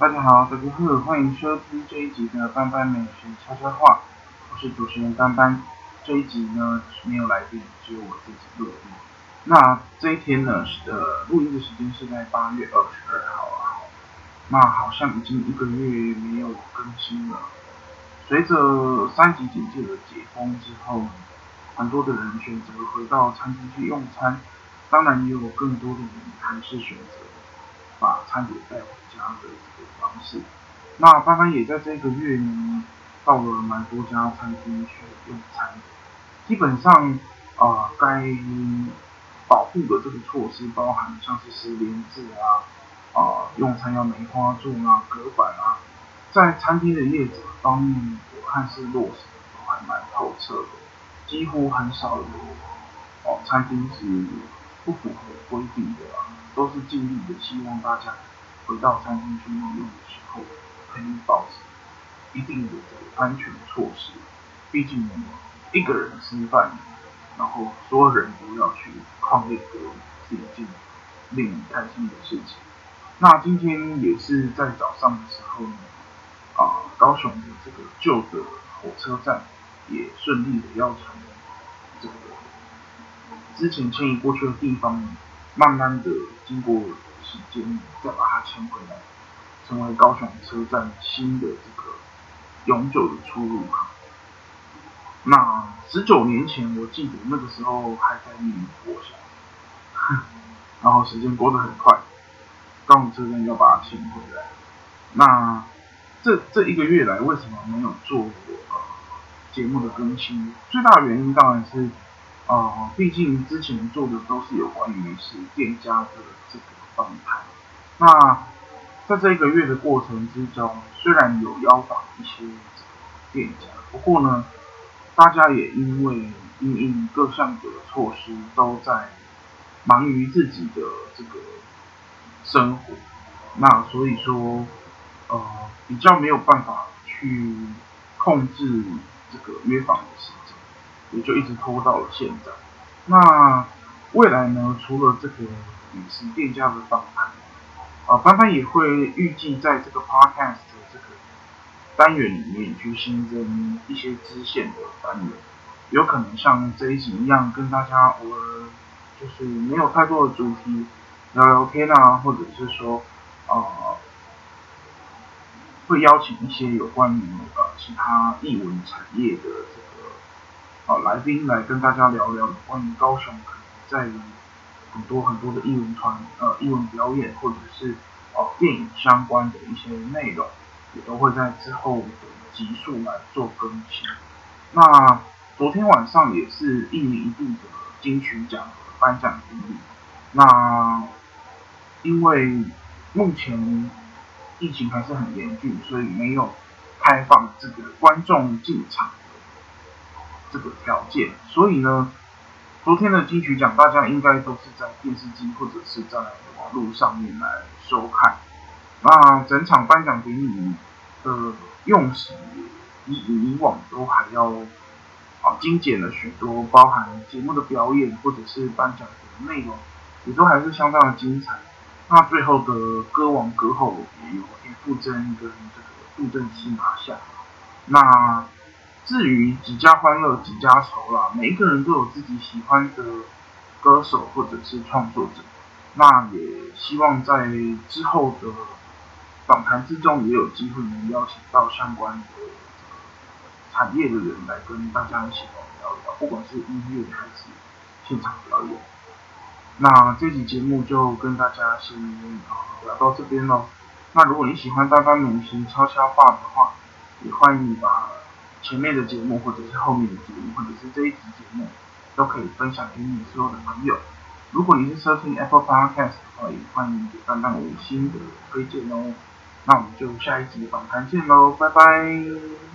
大家好，大家好，歡迎收聽這一集的班班美食悄悄話，我是主持人班班，這一集呢是沒有來賓，只有我自己錄，那這一天呢是呃錄音的時間是在八月二十二號啊。那好像已經一個月沒有更新了。隨着三級警戒的解封之後呢，很多的人選擇回到餐廳去用餐，當然也有更多的人還是選擇。餐點帶回家的這個方式，那班班也在這個月呢，到了蠻多家餐廳去用餐，基本上啊，該、呃、保護的這個措施，包含像是實聯制啊，啊、呃，用餐要梅花座啊，隔板啊，在餐廳的業者方面，我看是落實的還蠻透徹的，幾乎很少有哦，餐廳是不符合規定的啊。都是盡力的，希望大家回到餐廳去用餐的時候，可以保持一定的安全措施。畢竟一個人吃飯，然後所有人都要去抗疫，是一件令人開心的事情。那今天也是在早上的時候呢，啊，高雄的這個舊的火車站也順利的要了這個之前遷移過去的地方。慢慢的，經過時間，再把它遷回來，成為高雄車站新的這個永久的出入口。那十九年前，我記得那個時候還在念國小哼，然後時間過得很快，高雄車站要把它遷回來。那這這一個月來，為什麼沒有做過，呃，節目的更新？最大的原因當然是。哦、嗯，畢竟之前做的都是有關於是店家的這個狀態。那在這一個月的過程之中，雖然有邀訪一些這個店家，不過呢，大家也因為因應各項的措施，都在忙於自己的這個生活。那所以說，呃、嗯，比較沒有辦法去控制這個約訪的事情。也就一直拖到了現在。那未來呢？除了這個飲食店家的訪談，啊、呃，班班也會預計在這個 podcast 的這個單元裡面去新增一些支線的單元，有可能像這一集一樣，跟大家偶爾就是沒有太多的主題，聊聊天啊，或者是說啊、呃，會邀請一些有關於呃其他藝文產業的這個。好，來賓來跟大家聊聊關於高雄，可能在於很多很多的藝文團、呃藝文表演，或者是哦、呃、電影相關的一些內容，也都會在之後的集數來做更新。那昨天晚上也是一年一度的金曲獎頒獎典禮。那因為目前疫情還是很嚴峻，所以沒有開放這個觀眾進場。這個條件，所以呢，昨天的金曲獎大家應該都是在電視機或者是在網絡上面來收看。那整場頒獎典禮的用時，以以往都還要啊精簡了許多，包含節目的表演或者是頒獎的內容，也都還是相當的精彩。那最後的歌王歌后也由田馥甄跟這個杜振熙拿下。那。至於幾家歡樂幾家愁啦，每一個人都有自己喜歡的歌手或者是創作者，那也希望在之後的訪談之中也有機會能邀請到相關的產業的人來跟大家一起來聊一聊，不管是音樂還是現場表演。那這期節目就跟大家先聊到這邊嘍。那如果你喜歡《班班明星悄悄話》的話，也歡迎你把。前面的節目，或者是後面的節目，或者是這一集節目，都可以分享給你所有的朋友。如果你是收聽 Apple Podcast 的話，也歡迎點點五星的推薦哦。那我們就下一集訪談見嘍，拜拜。